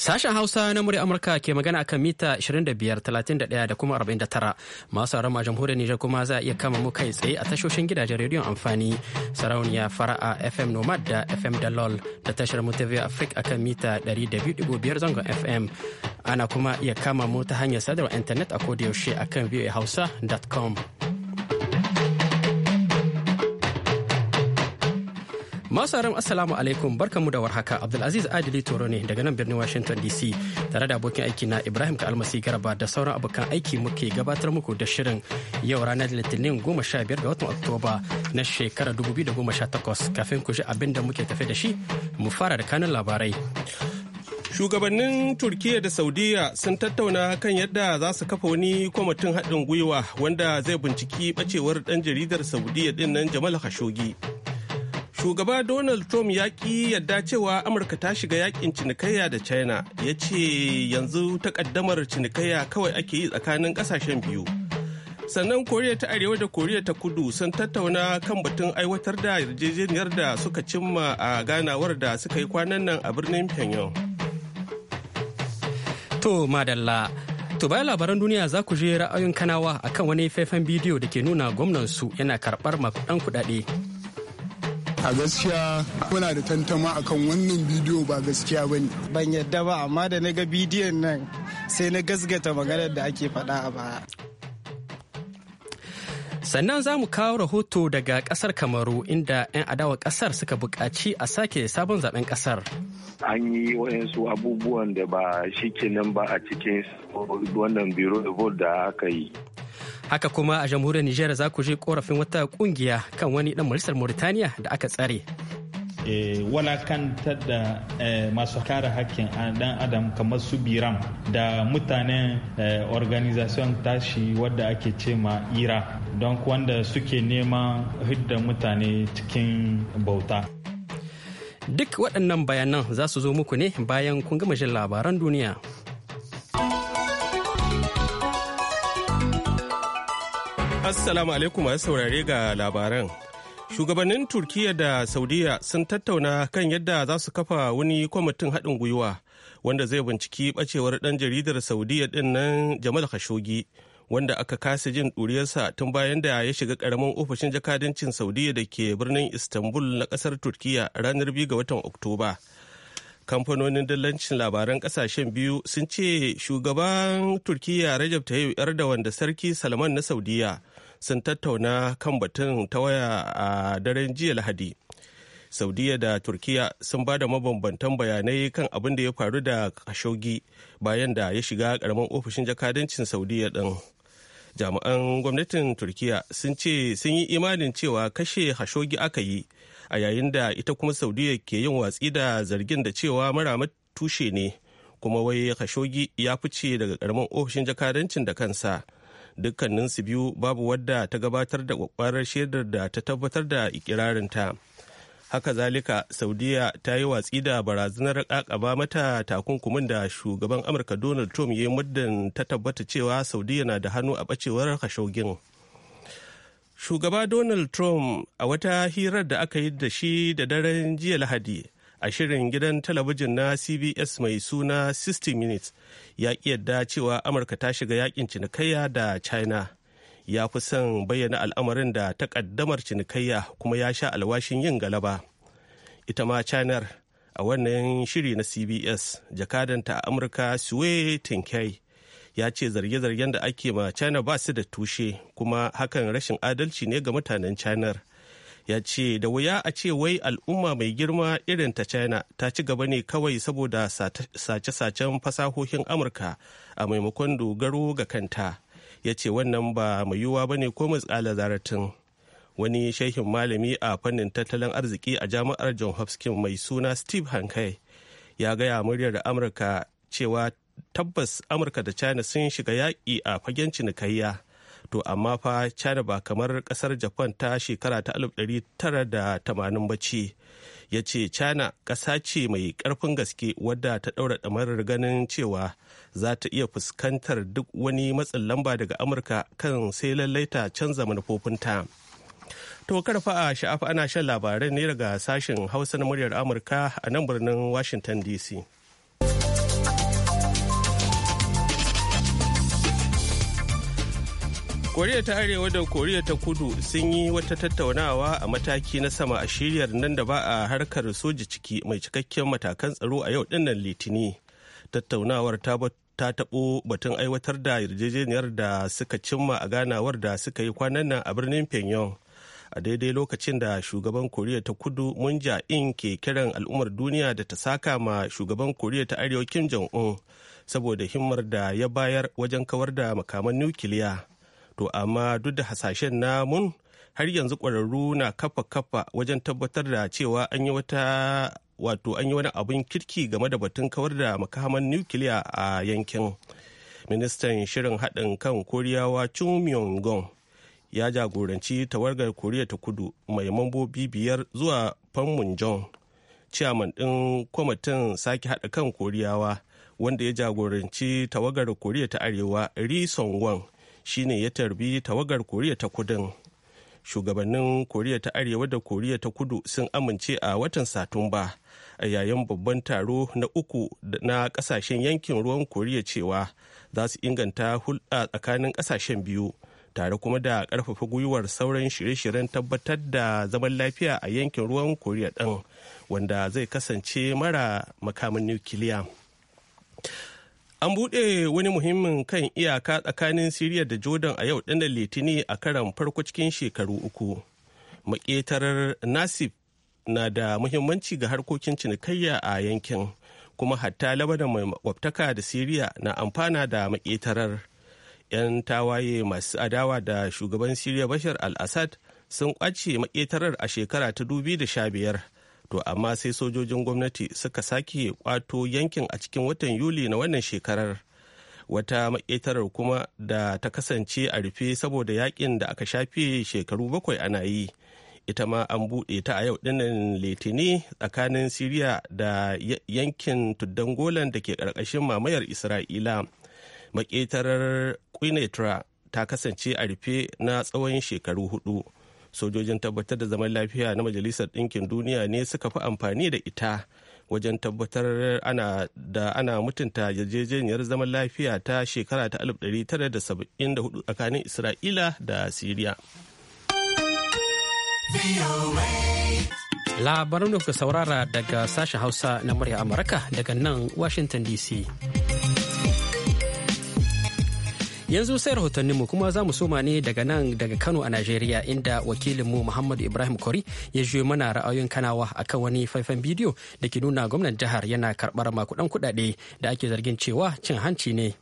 Sashen Hausa na murya Amurka ke magana akan mita 25,31 da kuma 49. Masu a rama jamhuriyar Nijar kuma za a iya kama mu kai tsaye a tashoshin gidajen rediyon amfani sarauniya fara'a FM Nomad da FM Dalol da tashar Mutavia Africa akan mita 200.5 zangon FM. Ana kuma iya kama mu ta hanyar sadarwa intanet a yaushe akan voahausa.com. haram Assalamu alaikum barkamu da warhaka Abdulaziz Adili Toro ne daga nan birnin Washington DC tare da abokin aiki na Ibrahim Kalmasi Garba da sauran abokan aiki muke gabatar muku da shirin yau ranar Litinin 15 ga watan Oktoba na shekarar 2018 kafin ku shi abin da muke tafe da shi mu fara da kanin labarai. Shugabannin Turkiyya da Saudiya sun tattauna kan yadda za su kafa wani kwamitin haɗin gwiwa wanda zai binciki bacewar ɗan jaridar Saudiyya ɗin nan Jamal Khashoggi. shugaba donald trump ya ki yadda cewa amurka ta shiga yakin cinikayya da china ya ce yanzu takaddamar cinikayya kawai ake yi tsakanin kasashen biyu sannan koriya ta arewa da koriya ta kudu sun tattauna kan batun aiwatar da yarjejeniyar da suka cimma a ganawar da suka yi kwanan nan a birnin pyongyang to madalla To bayan labaran duniya za ku je ra'ayin kanawa akan wani faifan bidiyo da ke nuna gwamnansu yana karɓar makudan kuɗaɗe. a gaskiya muna da tantama akan wannan bidiyo ba gaskiya ba ne ban yadda ba amma da na ga bidiyon nan sai na gasgata maganar da ake faɗa a baya sannan za mu kawo rahoto daga kasar kamaru inda 'yan adawa kasar suka buƙaci a sake sabon zaben kasar an yi wayansu abubuwan da ba shi kenan ba a cikin wannan biro da aka yi haka kuma a jamhuriyar nijar za ku je korafin wata kungiya kan wani dan majalisar mauritaniya da aka tsare eh, walakantar da eh, masu kare hakkin dan adam kamar su biram da mutanen eh, organization tashi wadda ake ce ma ira don wanda suke neman hidda mutane cikin bauta duk waɗannan bayanan za su zo muku ne bayan kun gama jin labaran duniya Assalamu alaikum masu saurare ga labaran. Shugabannin Turkiyya da Saudiya sun tattauna kan yadda za su kafa wani kwamitin haɗin gwiwa wanda zai binciki ɓacewar ɗan jaridar Saudiya ɗin nan Jamal Khashoggi wanda aka kasa jin ɗuriyarsa tun bayan da ya shiga ƙaramin ofishin jakadancin Saudiya da ke birnin Istanbul na ƙasar Turkiyya ranar 2 ga watan Oktoba. kamfanonin dillancin labaran kasashen biyu sun ce shugaban turkiya rajab tayyip erdogan da sarki salman na saudiya sun tattauna kan batun ta waya a daren jiya lahadi saudiya da turkiya sun ba da mabambantan bayanai kan abin da ya faru da kashogi bayan da ya shiga karamin ofishin jakadancin saudiya din jami'an gwamnatin turkiya sun ce sun yi imanin cewa kashe hashogi aka yi a yayin da ita kuma saudiya ke yin watsi da zargin da cewa marama tushe ne kuma wai khashogi ya fice daga karamin ofishin jakadancin da kansa dukkanin su biyu babu wadda ta gabatar da kwakwarar shaidar da ta tabbatar da ta haka zalika saudiya ta yi watsi da barazanar kakaba mata takunkumin da shugaban amurka donald trump ya yi muddin ta tabbata cewa saudiya na da hannu a bacewar khashogin shugaba donald trump a wata hirar da aka yi da shi da daren jiya lahadi a shirin gidan talabijin na cbs mai suna 60 minutes ya yadda cewa amurka ta shiga yakin cinikayya da china ya fi son bayyana al'amarin da ta takaddamar cinikayya kuma ya sha alwashin yin galaba ita ma china a wannan shiri na cbs jakadanta a amurka sue tinkai ya ce zarge-zargen da ake ma china ba su da tushe kuma hakan rashin adalci ne ga mutanen china ya ce da wuya a ce wai al'umma mai girma irin ta china ta ci gaba ne kawai saboda sace-sacen fasahohin amurka a maimakon dogaro ga kanta ya ce wannan ba mai yiwuwa ba ne ko matsala zaratin wani shehin malami a fannin tattalin arziki a jami'ar john hopkins mai suna steve hankai ya gaya muryar amurka cewa tabbas amurka da china sun shiga yaƙi a fagen cinikayya to amma fa china ba kamar ƙasar japan ta shekara ta 1980 ba ce ya ce china ƙasa ce mai ƙarfin gaske wadda ta ɗaura ɗamarar ganin cewa za ta iya fuskantar duk wani matsin lamba daga amurka kan sai lallai ta canza manufofinta to karfa a sha'afa ana shan labarai ne daga sashen hausa na muryar amurka a nan birnin washington dc koriya ta arewa da koriya ta kudu sun yi wata tattaunawa a mataki na sama a shiryar nan da ba a harkar soja ciki mai cikakken matakan tsaro a yau dinnan litini tattaunawar ta taɓo batun aiwatar da yarjejeniyar da suka cimma a ganawar da suka yi kwanan nan a birnin pyongyang a daidai lokacin da shugaban koriya ta kudu mun in ke kiran al'ummar duniya da ta saka ma shugaban koriya ta arewa kim jong un saboda himmar da ya bayar wajen kawar da makaman nukiliya to amma duk da hasashen namun har yanzu ƙwararru na kafa kafa wajen tabbatar da cewa an yi wata wato an yi wani abin kirki game da batun kawar da makaman nukiliya a yankin ministan shirin haɗin kan koriyawa chung myung gong ya jagoranci tawargar koriya ta kudu mai mambobi biyar zuwa panmunjom ciyaman ɗin kwamitin sake haɗa kan koriyawa wanda ya jagoranci tawagar koriya ta arewa ri song shine ya tarbi tawagar koriya ta kudin shugabannin koriya ta arewa da koriya ta kudu sun amince a watan satumba a yayin babban taro na uku na kasashen yankin ruwan koriya cewa za su inganta hulɗa tsakanin kasashen biyu tare kuma da ƙarfafa gwiwar sauran shirye-shiryen tabbatar da zaman lafiya a yankin ruwan koriya ɗin wanda zai kasance mara makamin nukiliya An buɗe wani muhimmin kan iyaka tsakanin Siriya da Jordan a yau ɗanar Litini a karan farko cikin shekaru uku. Maƙetarar Nasif na da muhimmanci ga harkokin cinikayya a yankin, kuma hatta labada mai makwabtaka da Siriya na amfana da maƙetarar. 'Yan tawaye masu adawa da shugaban Siriya Bashar al-Assad sun ƙwace maƙetarar a shekara ta biyar. to amma sai sojojin gwamnati suka sake kwato yankin a cikin watan yuli na wannan shekarar wata maƙetarar kuma da ta kasance a rufe saboda yakin da aka shafe shekaru bakwai ana yi ita ma an buɗe ta a yau ɗinnan litini tsakanin siriya da yankin tuddan golan da ke ƙarƙashin mamayar isra'ila maƙetarar quinetra ta kasance a rufe na tsawon shekaru hudu sojojin tabbatar da zaman lafiya na majalisar ɗinkin duniya ne suka fi amfani da ita wajen tabbatar ana da ana mutunta yarjejeniyar zaman lafiya ta shekara ta 1974 tsakanin isra'ila da siriya labarin da saurara daga sashen hausa na murya amurka daga nan washington dc yanzu sai rahotanninmu kuma za mu soma ne daga nan daga kano a najeriya inda wakilinmu muhammadu ibrahim kori ya juyo mana ra'ayoyin kanawa akan wani faifan bidiyo da ke nuna gwamnan jihar yana karɓar makudan kuɗaɗe da ake zargin cewa cin hanci ne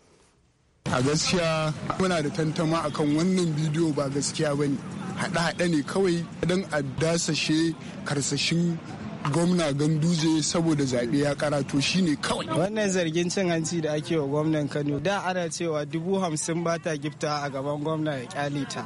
a gaskiya muna da tantama akan wannan bidiyo ba gaskiya bane haɗe ne kawai don a dasashe karsashin gwamna ganduje saboda zaɓe ya karato ne kawai wannan zargin cin hanci da ake wa gwamnan kano da ana cewa dubu hamsin ba ta gifta a gaban gwamna ya kyale ta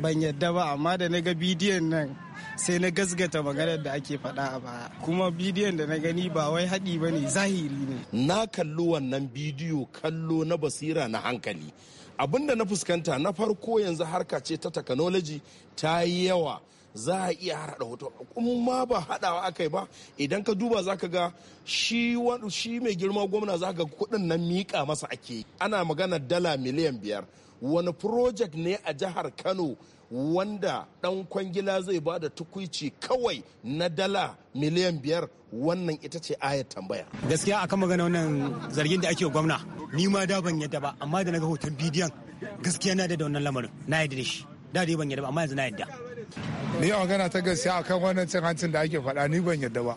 ban yadda ba amma da na ga bidiyon nan sai na gasgata maganar da ake faɗa a baya kuma bidiyon da na gani ba wai haɗi ba ne zahiri ne na kalli wannan bidiyo kallo na basira na hankali abinda na fuskanta na farko yanzu harka ce ta technology ta yi yawa za a iya haɗa hoto kuma ma ba haɗawa aka yi ba idan ka duba za ka ga shi shi mai girma gwamna za ka ga kuɗin na miƙa masa ake ana magana dala miliyan biyar wani project ne a jihar kano wanda ɗan kwangila zai ba da tukuici kawai na dala miliyan biyar wannan ita ce ayar tambaya gaskiya akan magana wannan zargin da ake wa gwamna ni ma da ban yadda ba amma da na ga hoton bidiyon gaskiya na da wannan lamarin na yadda da shi da ban yadda ba amma yanzu na yadda Ni a magana ta gaskiya akan wannan cin hancin da ake faɗa ni ban yadda ba.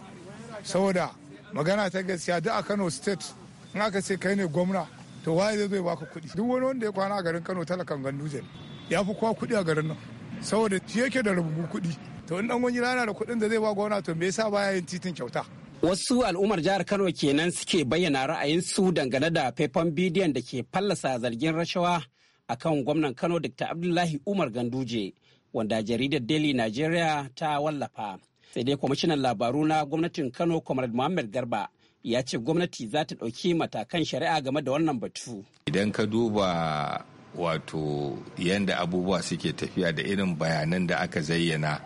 Saboda magana ta gaskiya duk a Kano State in aka ce kai ne gwamna to waye zai zai baka kuɗi. Duk wani wanda ya kwana a garin Kano talakan ganduje ya fi kowa kuɗi a garin nan. Saboda shi yake da rubu kuɗi. To in ɗan wani rana da kuɗin da zai ba gwamna to me yasa baya yin titin kyauta. Wasu al'ummar jihar Kano kenan suke bayyana ra'ayin su dangane da faifan bidiyon da ke fallasa zargin rashawa akan gwamnan Kano Dr. Abdullahi Umar Ganduje wanda jaridar Daily Nigeria ta wallafa. Sai dai kwamishinan labaru na gwamnatin Kano Comrade Muhammad Garba ya ce gwamnati za ta ɗauki matakan shari'a game da wannan batu. Idan ka duba wato yadda abubuwa suke tafiya da irin bayanan da aka zayyana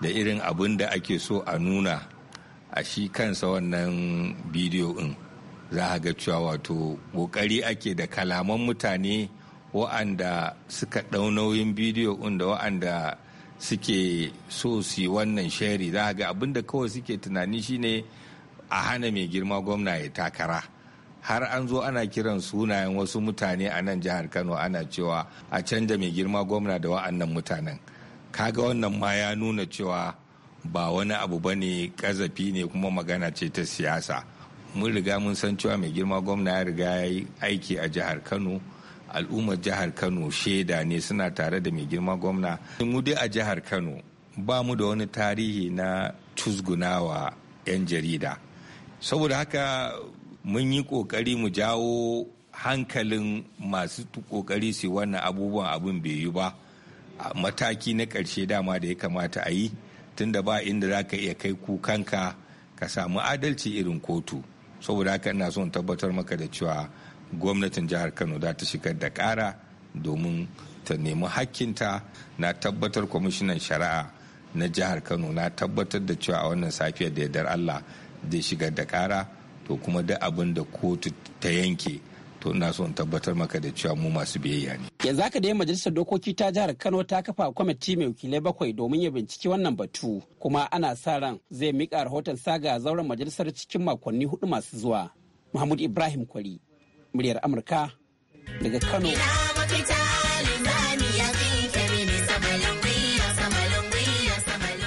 da irin abin da ake so a nuna a shi kansa wannan bidiyo in za a ga cewa wato ƙoƙari ake da kalaman mutane wa'anda suka ɗau nauyin bidiyo da wa'anda suke so su wannan shari za ga abin da kawai suke tunani shine a hana mai girma gwamna ya takara har an zo ana kiran sunayen wasu mutane a nan jihar kano ana cewa a canja mai girma gwamna da wa'annan mutanen kaga wannan ma ya nuna cewa ba wani abu ba ne kazafi ne kuma magana ce ta siyasa mun riga mun san cewa mai girma gwamna ya riga ya yi aiki a jihar kano al'ummar jihar kano shaida ne suna tare da mai girma gwamna mu dai a jihar kano ba mu da wani tarihi na tusgunawa 'yan jarida saboda haka mun yi kokari mu jawo hankalin masu kokari su wannan abubuwan abin bai yi ba mataki na ƙarshe dama da ya kamata a yi tunda ba inda za ka iya kai kukanka ka samu adalci irin kotu saboda haka ina son tabbatar maka da cewa gwamnatin jihar kano za ta shigar da kara domin ta nemi hakkinta na tabbatar kwamishinan shari'a na jihar kano na tabbatar da cewa a wannan safiyar da yardar allah zai shigar da kara to kuma da abin da kotu ta yanke to ina so in tabbatar maka da cewa mu masu biyayya ne. Yanzu haka dai majalisar dokoki ta jihar Kano ta kafa kwamiti mai wakilai bakwai domin ya binciki wannan batu kuma ana sa ran zai mika rahoton saga zauren majalisar cikin makonni hudu masu zuwa. Mahmud Ibrahim Kwari, muryar amurka daga kano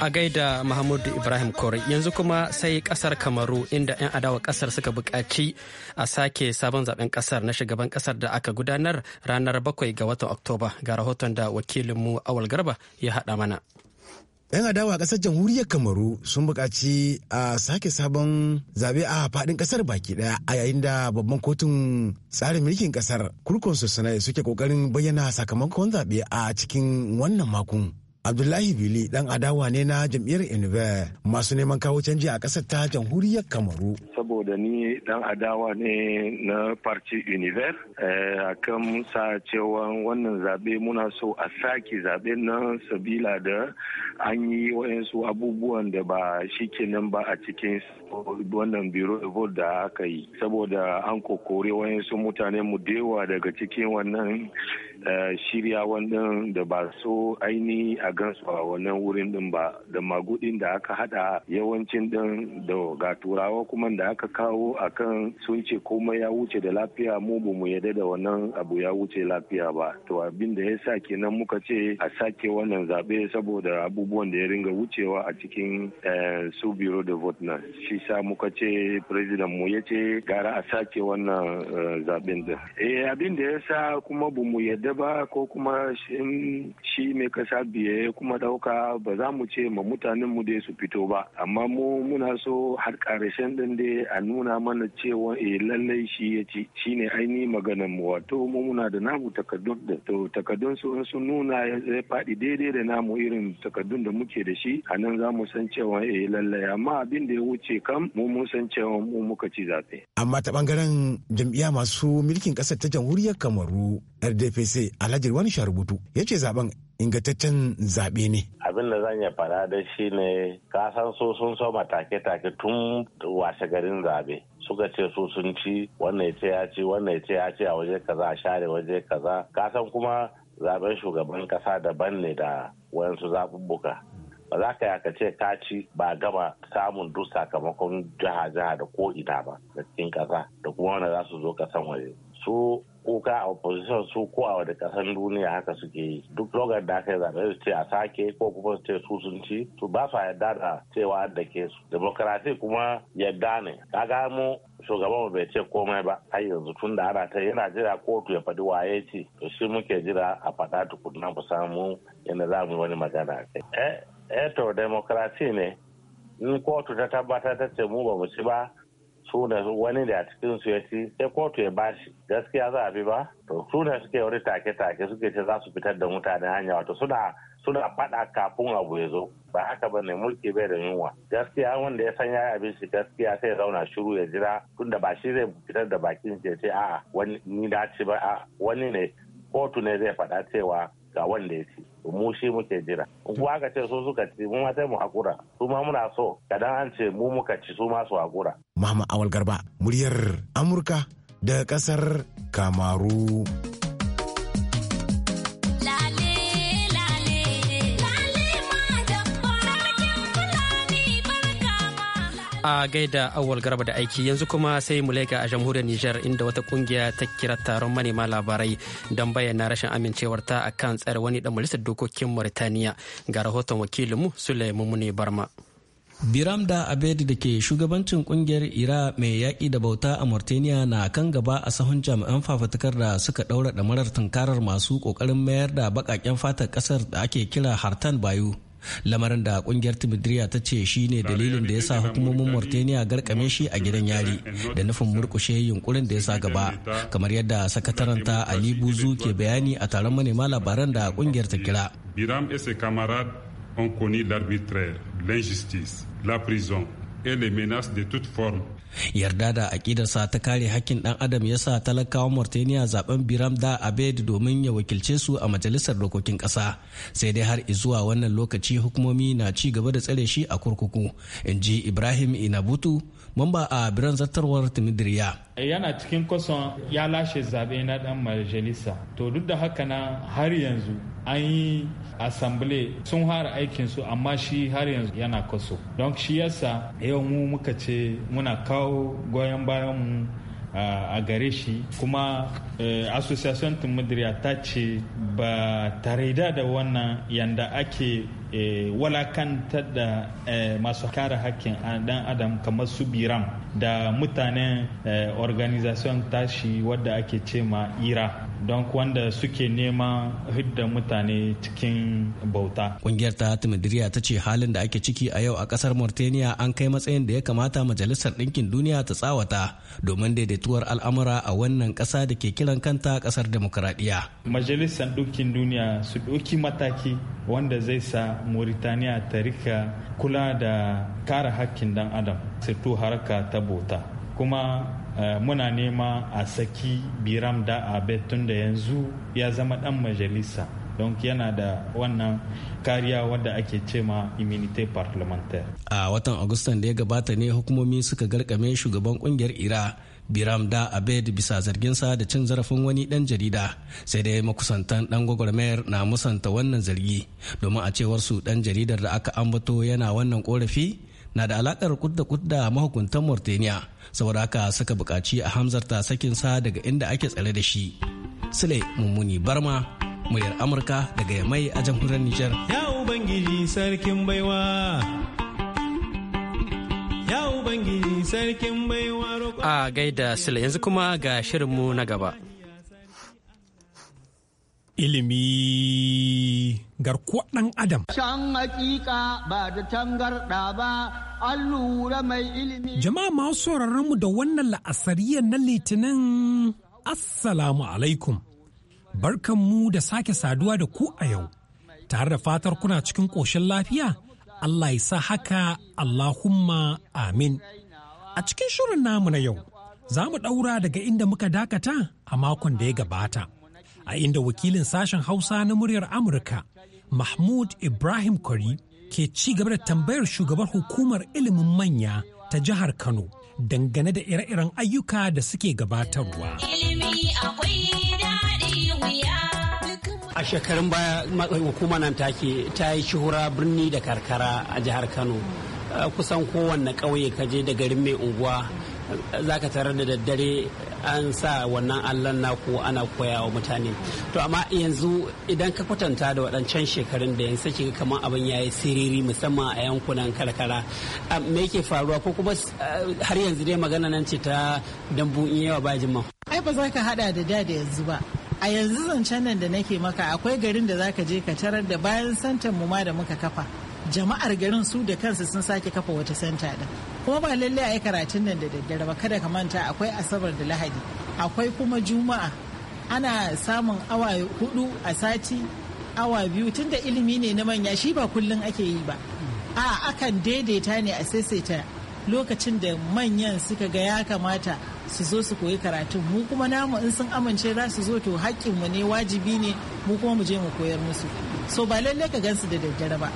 a gaida Mahmudu Ibrahim kori yanzu kuma sai kasar Kamaru inda 'yan adawa kasar suka buƙaci a sake sabon zaben kasar na shugaban kasar da aka gudanar ranar bakwai ga watan Oktoba ga rahoton da wakilinmu Awal Garba ya haɗa mana. 'yan adawa a kasar jamhuriyar kamaru sun buƙaci a sake sabon zabe a faɗin ƙasar baki ɗaya a yayin da babban kotun tsarin mulkin ƙasar kurkun sanayi suke ƙoƙarin bayyana sakamakon zabe a cikin wannan makon abdullahi bili dan adawa ne na jam'iyyar inver masu neman kawo canji a ƙasar ta jamhuriyar kamaru saboda ni dan adawa ne na parti univer eh, a kan sa cewa wannan zaɓe muna so a sake zaɓe na sabila da an yi wayansu abubuwan da ba shi kenan ba a cikin wannan biro evo da aka yi saboda an kokore wayansu mutane mu dewa daga cikin wannan Eh, shirya wannan da ba so aini a gansu a wannan wurin din ba da magudin da aka hada yawancin din da ga turawa kuma da aka kawo akan sun ce komai ya wuce da lafiya mu ba mu yadda da wannan abu ya wuce lafiya ba to abin da ya sa kenan muka ce a sake wannan zabe saboda abubuwan da ya ringa wucewa a cikin eh, su biro da vote na shi sa muka ce president mu ya ce gara a sake wannan eh, zaben din eh abin da ya sa kuma ba mu yadda ba ko kuma shi mai kasa biye kuma dauka ba za mu ce ma mutanen mu dai su fito ba amma mu muna so har karshen din dai a nuna mana cewa e lallai shi ya ci shine ainihin maganar mu wato mu muna da namu takardun da to takardun su in sun nuna ya faɗi daidai da namu irin takardun da muke da shi a nan za mu san cewa e lallai amma abin da ya wuce kam mu mun san cewa mu muka ci zaɓe. amma ta bangaren jam'iyya masu mulkin ƙasar ta jamhuriyar kamaru rdpc Azare Alhaji Wani Sharubutu ya ce zaben ingantaccen zaɓe ne. Abin da zan ya fara da shi ne kasan so sun so matake-take tun washe garin zaɓe. suka ce su sun ci wannan ya ce ya ci wannan ya ce ya ci a waje kaza a share waje kaza kasan kuma zaɓen shugaban kasa daban ne da wayansu zaɓuɓɓuka ba za ka yaka ce ka ci ba gama samun duk sakamakon jiha-jiha da ko ina ba da cikin kasa da kuma wanda za su zo kasan waje su kuka a opposition su ko a wani kasan duniya haka suke yi duk lokacin da aka yi zaɓe su ce a sake ko kuma su ce su sun ci su ba su yarda da cewa da ke su demokarasi kuma yarda ne kaga mu shugaban mu bai ce komai ba har yanzu tun da ana ta yana jira kotu ya faɗi waye ce to shi muke jira a faɗa tukunna mu samu yadda za mu wani magana a kai eh, eh to demokarasi ne in kotu ta tabbatar ta ce mu ba mu ci ba su da wani da cikin su ya ci sai kotu ya bashi gaskiya za a bi ba to su ne suke wani take-take suke ce za su fitar da mutane hanya wato suna suna faɗa kafin abu ya zo ba haka ba ne mulki bai da yunwa gaskiya wanda ya san ya abin shi gaskiya sai ya zauna shiru ya jira tunda ba shi zai fitar da bakin shi ce a'a wani ni da ci ba wani ne kotu ne zai faɗa cewa ga wanda ya ci mu shi muke jira ku aka ce su suka ci mu mata mu hakura su ma muna so kadan an ce mu muka ci su ma su hakura Mama Awal Garba muryar Amurka da kasar Kamaru. a gaida awal garba da aiki yanzu kuma sai mu leka a jamhuriyar Nijar inda wata kungiya ta kira taron manema labarai don bayyana rashin amincewar ta akan tsare wani dan majalisar dokokin Mauritaniya ga rahoton wakilinmu suleimu Mune Barma. biram da Abedi da ke shugabancin kungiyar Ira mai yaƙi da bauta a Mauritania na kan gaba a sahun jami'an fafatakar da suka ɗaura ɗamarar tunkarar masu ƙoƙarin mayar da baƙaƙen fatar ƙasar da ake kira Hartan Bayu. lamarin da kungiyar timidriya ta ce shi ne dalilin da ya sa hukumomin mauritania garkame shi a gidan yari da nufin murkushe yunkurin da ya sa gaba kamar yadda sakataren ta ali buzu ke bayani a taron manema labaran da kungiyar ta kira biram et ses ont connu l'arbitraire l'injustice la prison et les menaces de toute forme yarda da aƙidarsa ta kare hakkin ɗan adam ya sa talakawan mauritania zaben biram da abed domin ya wakilce su a majalisar dokokin ƙasa sai dai har zuwa wannan lokaci hukumomi na ci gaba da tsare shi a kurkuku in ji ibrahim inabutu mamba a biran zartarwar timidiriya yana cikin kwason ya lashe zaɓe na ɗan majalisa to duk da haka na har yanzu an yi asambile sun hara aikinsu amma shi har yanzu yana kwaso don shi yasa yau mu muka ce muna kawo goyon bayan mu a gare shi kuma e, association timidiriya ta ce ba tare da wannan yanda ake Eh, walakantar da eh, masu kare hakkin dan adam kamar su biram da mutanen eh, organization tashi wadda ake ce ma ira don wanda suke neman hidda mutane cikin bauta. Kungiyar ta Timidiriya ta ce halin da ake ciki a yau a kasar Mauritania an kai matsayin da ya kamata Majalisar Ɗinkin Duniya ta tsawata domin daidaituwar al'amura a wannan ƙasa da ke kiran kanta ƙasar demokuraɗiyya. Majalisar Ɗinkin Duniya su ɗauki mataki wanda zai sa moritaniya ta rika kula da kare hakkin dan adam sirtu harka ta bota kuma eh, muna nema a saki biram da abet tun da yanzu ya zama dan majalisa don yana da wannan kariya wadda ake ce ma immunity parliamentaire a watan agustan da ya gabata ne hukumomi suka garkame shugaban kungiyar ira biram da abed bisa zarginsa da cin zarafin wani dan jarida sai dai makusantan dan gwagwarmayar na musanta wannan zargi domin a cewar su dan jaridar da aka ambato yana wannan korafi na da alakar kudda kudda mahukuntan mauritania saboda haka suka bukaci a hamzarta sakinsa daga inda ake tsare da shi sule mummuni barma muryar amurka daga yamai a jamhuriyar niger ya ubangiji sarkin baiwa sarkin A gaida sila yanzu kuma ga shirinmu na gaba. Ilimi garkuwar ɗan Adam. shan hakika ba da tangarɗa ba, an lura mai ilimi. Jama'a masu mu da wannan la'asariya na litinin Assalamu alaikum. barkanmu da sake saduwa da ku a yau, tare da fatar kuna cikin ƙoshin lafiya. Allah ya sa haka Allahumma amin. A cikin shirin namu na yau, za mu ɗaura daga inda muka dakata a makon da ya gabata, a inda wakilin sashen Hausa na muryar Amurka, Mahmud Ibrahim Kwari, ke ci gaba da tambayar shugabar hukumar ilimin manya ta jihar Kano dangane da ire-iren ayyuka da suke gabatarwa. a shekarun baya hukuma nan take ta yi shuhura birni da karkara a jihar kano eh, kusan kowanne ƙauye kaje da garin mai unguwa eh, za ka tarar da daddare an sa wannan allon naku ana koya wa mutane to amma yanzu idan ka kwatanta da waɗancan shekarun da yanzu sake kamar abin ya yi siriri musamman a yankunan karkara eh, me yake faruwa ko kuma har yanzu dai magana nan ce ta dambu in yawa ba jima ai ba za ka hada da da yanzu ba a yanzu zancen nan da nake maka akwai garin da zaka je ka tarar da bayan santan mu ma da muka kafa jama'ar garin su da kansu sun sake kafa wata santa din kuma ba lallai a yi karatun nan da daddare ba kada ka manta akwai asabar da lahadi akwai kuma juma'a ana samun awa hudu a sati awa biyu tunda ilimi ne na manya shi ba kullum ake yi ba a akan daidaita ne a saisaita lokacin da manyan suka ga ya kamata su zo su koyi karatu mu kuma namu in sun amince za su zo to mu ne wajibi ne mu kuma mu je mu koyar musu so ba lallai ka gansu da daddare ba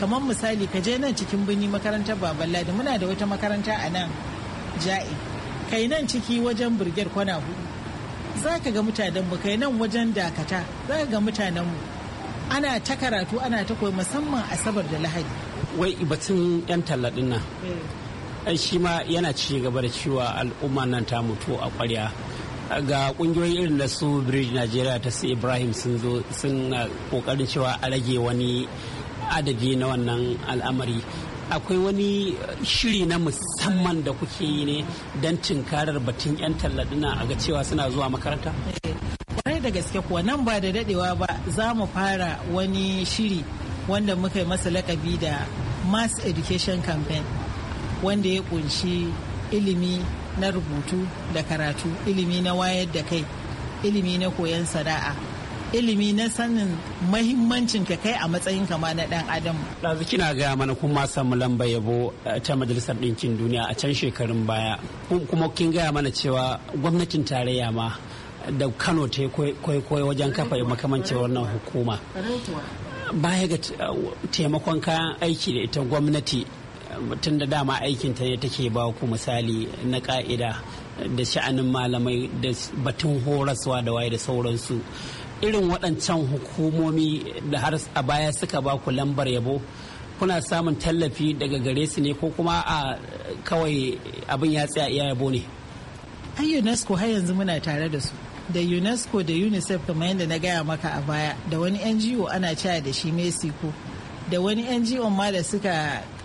kamar misali ka je nan cikin birni makarantar baban ladi muna da wata makaranta a nan ja'i kai nan ciki wajen birgiyar kwana hudu za ka ga mutanen mu kai nan wajen dakata za ka ga mutanen mu ana ta karatu ana ta koyi musamman asabar da lahadi wai batun yan talla nan shi ma yana ci gaba da cewa al'umma nan ta mutu a kwarya ga kungiyoyi irin da su bridge nigeria ta su ibrahim sun zo sun kokarin ah, cewa a rage wani adadi na wannan al'amari akwai wani shiri na musamman da kuke yi ne don tinkarar batun 'yan talladina a ga cewa suna zuwa makaranta kwarai da gaske kuwa nan ba da dadewa ba za mu fara wani shiri wanda muka yi masa lakabi da mass education campaign wanda ya kunshi ilimi na rubutu da karatu ilimi na wayar da kai ilimi na koyon sana'a ilimi na sanin mahimmancin ka kai a matsayin kama na dan adam ɗazu kina gaya mana kun ma samu lamba yabo eh, ta majalisar ɗinkin duniya a can shekarun baya kuma kin gaya mana cewa gwamnatin tarayya ma da kano ta yi kwaikwayo wajen kafa makamancin wannan hukuma baya ga eh, taimakon kayan aiki da ita gwamnati tun da dama aikinta ne take ba ku misali na ka'ida da sha'anin malamai da batun horaswa da waye da sauransu irin waɗancan hukumomi da har a baya suka ba ku lambar yabo kuna samun tallafi daga gare su ne ko kuma a kawai abin ya tsaya iya yabo ne an unesco har yanzu muna tare da su da unesco da unicef kamar yadda na gaya maka a baya da wani ngo ana cewa da shi mesiko da wani ngo ma da suka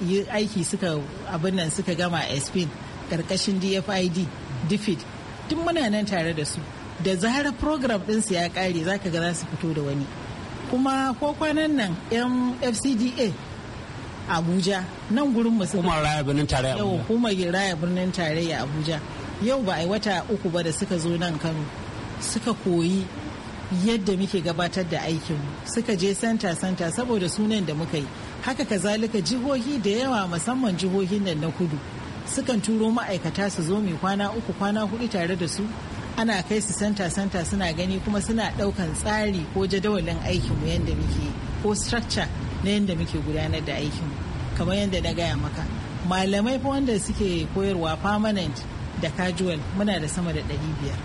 yi aiki suka abin nan suka gama a Spain karkashin dfid dfid tun muna nan tare da su da zahara program ɗinsu ya ƙare za ka ga za su fito da wani kuma ko kwanan nan yan fcda abuja nan gurin masu kuma raya birnin tarayya yau raya birnin tarayya abuja yau ba a yi wata uku ba da suka zo nan kano suka koyi yadda muke gabatar da aikin suka je santa santa saboda sunan da muka yi haka kazalika jihohi da yawa musamman jihohin nan na kudu sukan turo ma'aikata su zo mai kwana uku kwana hudu tare da su ana kai su santa santa suna gani kuma suna daukan tsari ko jadawalin aikinmu yadda muke ko structure na yadda muke gudanar da aikinmu kamar yadda na gaya maka malamai fa wanda suke koyarwa permanent da casual muna da sama da 500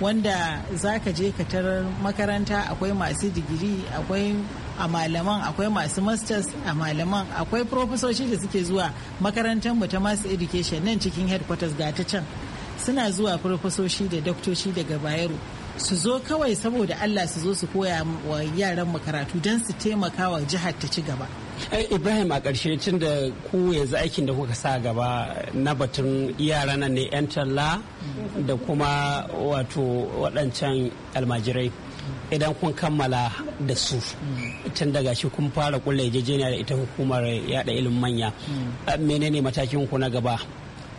wanda za ka je ka tarar makaranta akwai masu digiri akwai a malaman akwai masu masters a malaman akwai profesoshi da suke zuwa makarantar mu ta masu education nan cikin headquarters ga ta can suna zuwa profesoshi da doktoshi daga bayero su zo kawai saboda allah su zo su koya wa yaran makaratu don su taimaka wa jihar ta ci gaba Eh, ibrahim a ƙarshe cin da ku yanzu aikin da kuka sa gaba na batun yara nan ne 'yan talla da kuma wato waɗancan almajirai idan kun kammala da su tun daga shi kun fara kulle yajejeniya da ita hukumar yada ilimin manya menene matakin ku na gaba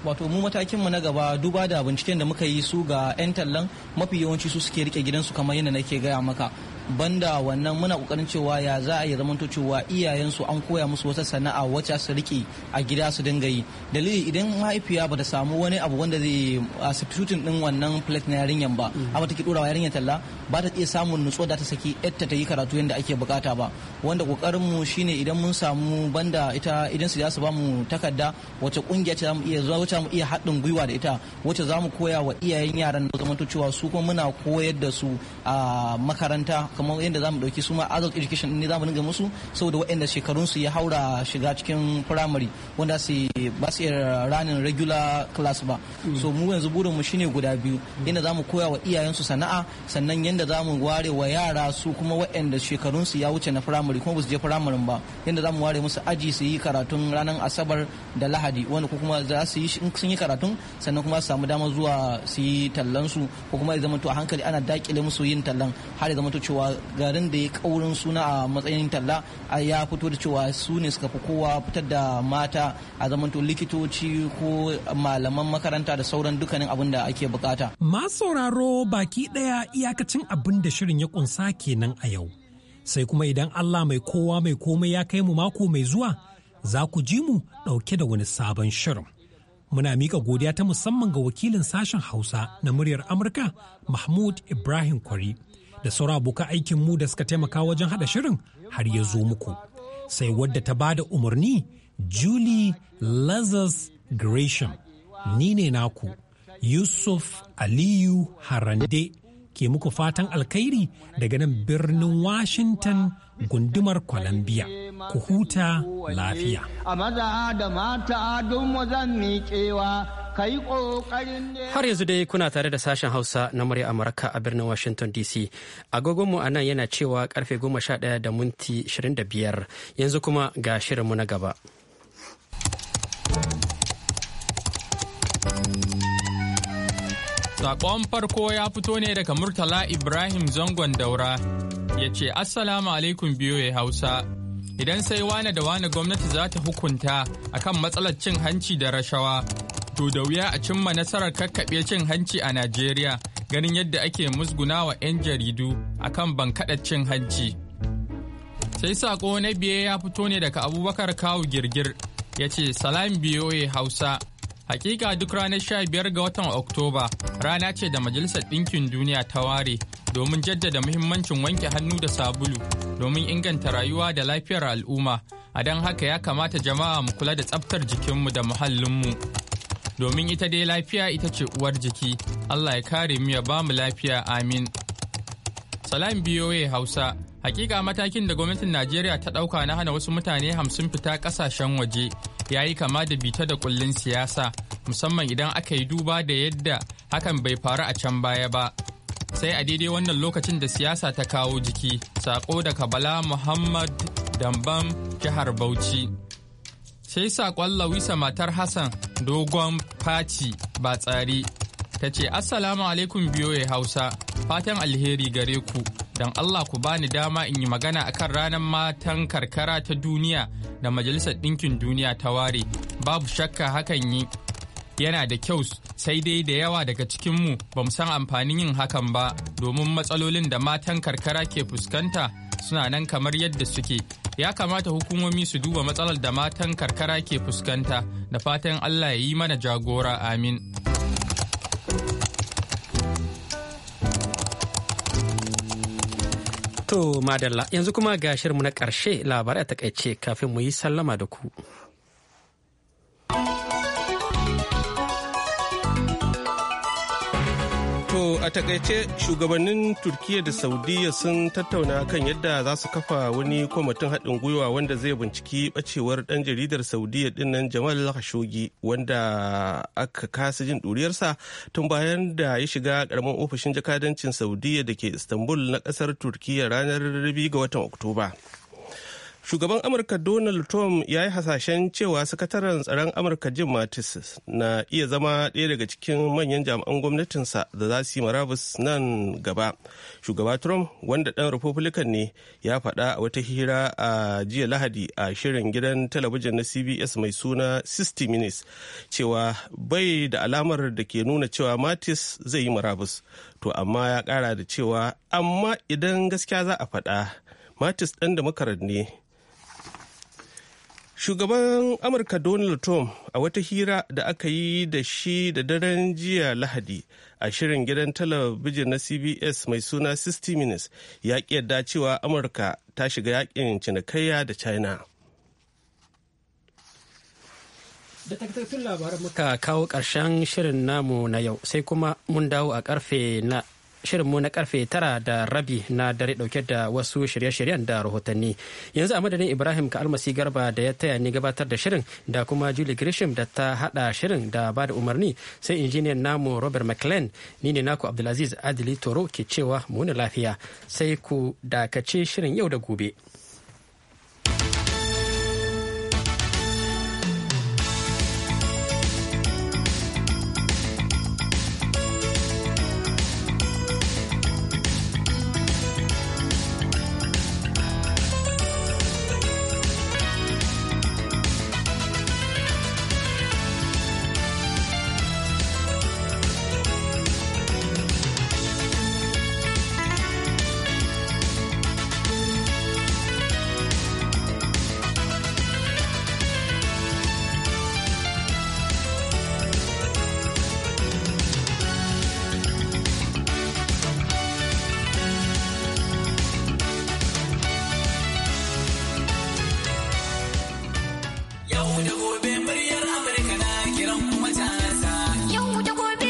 wato mu matakinmu na gaba duba da binciken da muka yi su ga 'yan tallan mafi yawanci su suke rike gidansu kamar yadda nake gaya maka banda wannan muna kokarin cewa ya za a yi zamanto cewa su an koya musu wata sana'a wacce su rike a gida su dinga yi dalili idan mahaifiya ba ta samu wani abu wanda zai a din wannan plate na yarinyan ba amma take dora yarinyar talla ba ta iya samun nutsuwa da ta saki yadda ta yi karatu yadda ake bukata ba wanda kokarin mu shine idan mun samu banda ita idan su za su ba mu takarda wacce kungiya ce mu iya wacce mu iya haɗin gwiwa da ita wacce za mu koya wa iyayen yaran da Zaman cewa su kuma muna koyar da su a makaranta kamar yadda za mu dauki su ma adult education ne zamu dinga musu saboda waɗanda shekarun su ya haura shiga cikin primary wanda su ba su ranin regular class ba mm. so mu yanzu burin mu shine guda biyu yadda zamu koya wa iyayen su sana'a sannan yadda zamu ware wa yara su kuma waɗanda shekarun su ya wuce na primary kuma ba su je primary ba yadda zamu ware musu aji su yi karatun ranar asabar da lahadi wanda ko kuma za su yi sun yi karatun sannan kuma su samu dama zuwa su yi tallan su ko kuma ya zama to a hankali ana dakile musu yin tallan har ya zama to cewa cewa garin da ya kaurin suna a matsayin talla ya fito da cewa su ne suka fi kowa fitar da mata a zamanto likitoci ko malaman makaranta da sauran dukkanin abin da ake bukata. sauraro baki daya iyakacin abin da shirin ya kunsa kenan a yau. Sai kuma idan Allah mai kowa mai komai ya kai mu mako mai zuwa za ku ji mu dauke da wani sabon shirin. muna mika godiya ta musamman ga wakilin sashen hausa na muryar amurka mahmud ibrahim kwari da sauran abokan aikin mu da suka taimaka wajen hada shirin har ya zo muku. Sai wadda ta bada umarni Julie Lazarus Gresham. Ni ne naku Yusuf Aliyu Harande ke muku fatan alkhairi daga nan birnin Washington gundumar kwalambiya Ku huta lafiya. A maza da mata don zan miƙewa kai Har yanzu dai kuna tare da sashen Hausa na murya Amurka a birnin Washington DC. Agogonmu a nan yana cewa karfe 11 da minti 25 yanzu kuma ga shirinmu na gaba. Sakon farko ya fito ne daga Murtala Ibrahim Zangon Daura ya ce Assalamu alaikum ya Hausa. Idan sai wane da wane gwamnati za ta hukunta akan matsalar cin hanci da rashawa, to da wuya a cimma nasarar kakkaɓe cin hanci a Najeriya ganin yadda ake wa 'yan jaridu akan bankaɗa cin hanci. Sai sako na biye ya fito ne daga Abubakar Kawu Girgir ya ce Salam ya Hausa Hakika duk ranar 15 ga watan Oktoba rana ce da Majalisar Ɗinkin Duniya ta ware domin jaddada muhimmancin wanke hannu da sabulu domin inganta rayuwa da lafiyar al'umma. A don haka ya kamata jama'a mu kula da tsaftar jikinmu da muhallinmu. Domin ita dai lafiya ita ce uwar jiki. Allah ya kare mu ya ba mu lafiya amin. Salam biyoye Hausa. Hakika matakin da gwamnatin Najeriya ta ɗauka na hana wasu mutane hamsin fita ƙasashen waje ya yi kama da bita da kullin siyasa musamman idan aka yi duba da yadda hakan bai faru a can baya ba sai a daidai wannan lokacin da siyasa ta kawo jiki sako daga bala muhammad dambam jihar bauchi sai sakon lawisa matar hassan dogon faci ba tsari ta ce assalamu alaikum biyoye hausa fatan alheri gare ku don Allah ku bani dama in yi magana akan ranar matan karkara ta duniya da Majalisar Ɗinkin Duniya ta ware, babu shakka hakan yi yana da kyau sai dai da yawa daga cikinmu ba mu san amfanin yin hakan ba domin matsalolin da matan karkara ke fuskanta suna nan kamar yadda suke ya kamata hukumomi su duba matsalar da matan karkara ke fuskanta da fatan allah ya yi mana jagora amin To madalla yanzu kuma ga shirmu na ƙarshe labarai a takaice kafin mu yi sallama da ku. a takaice shugabannin Turkiyya da Saudiya sun tattauna kan yadda za su kafa wani kwamitin haɗin gwiwa wanda zai binciki ɓacewar ɗan jaridar Saudiya dinnan Jamal Khashoggi wanda aka kasa jin ɗuriyarsa tun bayan da ya shiga ƙaramin ofishin jakadancin Saudiya da ke Istanbul na ƙasar Turkiyya ranar 2 ga watan Oktoba. shugaban amurka donald trump ya yi hasashen cewa sakataren tsaron amurka jim mattis na iya zama ɗaya daga cikin manyan jami'an gwamnatinsa da za su yi marabus nan gaba shugaba trump wanda ɗan republican ne ya faɗa a wata hira a jiya lahadi a shirin gidan talabijin na cbs mai suna 60 minutes cewa bai da alamar da ke nuna cewa mattis zai yi marabus to amma ya ƙara da cewa amma idan gaskiya za a faɗa matis ɗan da makarar ne Shugaban Amurka Donald Trump a wata hira da aka yi da shi da daren jiya Lahadi a shirin gidan talabijin na CBS mai suna 60 Minutes ya yadda cewa Amurka ta shiga yakin cinikayya da China. Da takaitattun labaran muka kawo ƙarshen shirin namu na yau sai kuma mun dawo a ƙarfe na shirinmu na karfe tara da rabi na dare dauke da wasu shirye-shiryen da rahotanni yanzu a madadin ibrahim ka almasi garba da ya taya ni gabatar da shirin da kuma julie grisham da ta hada shirin da ba da umarni sai injiniyan namu robert mclean ni ne naku abdulaziz adili toro ke cewa muni lafiya sai ku dakace shirin yau da gobe.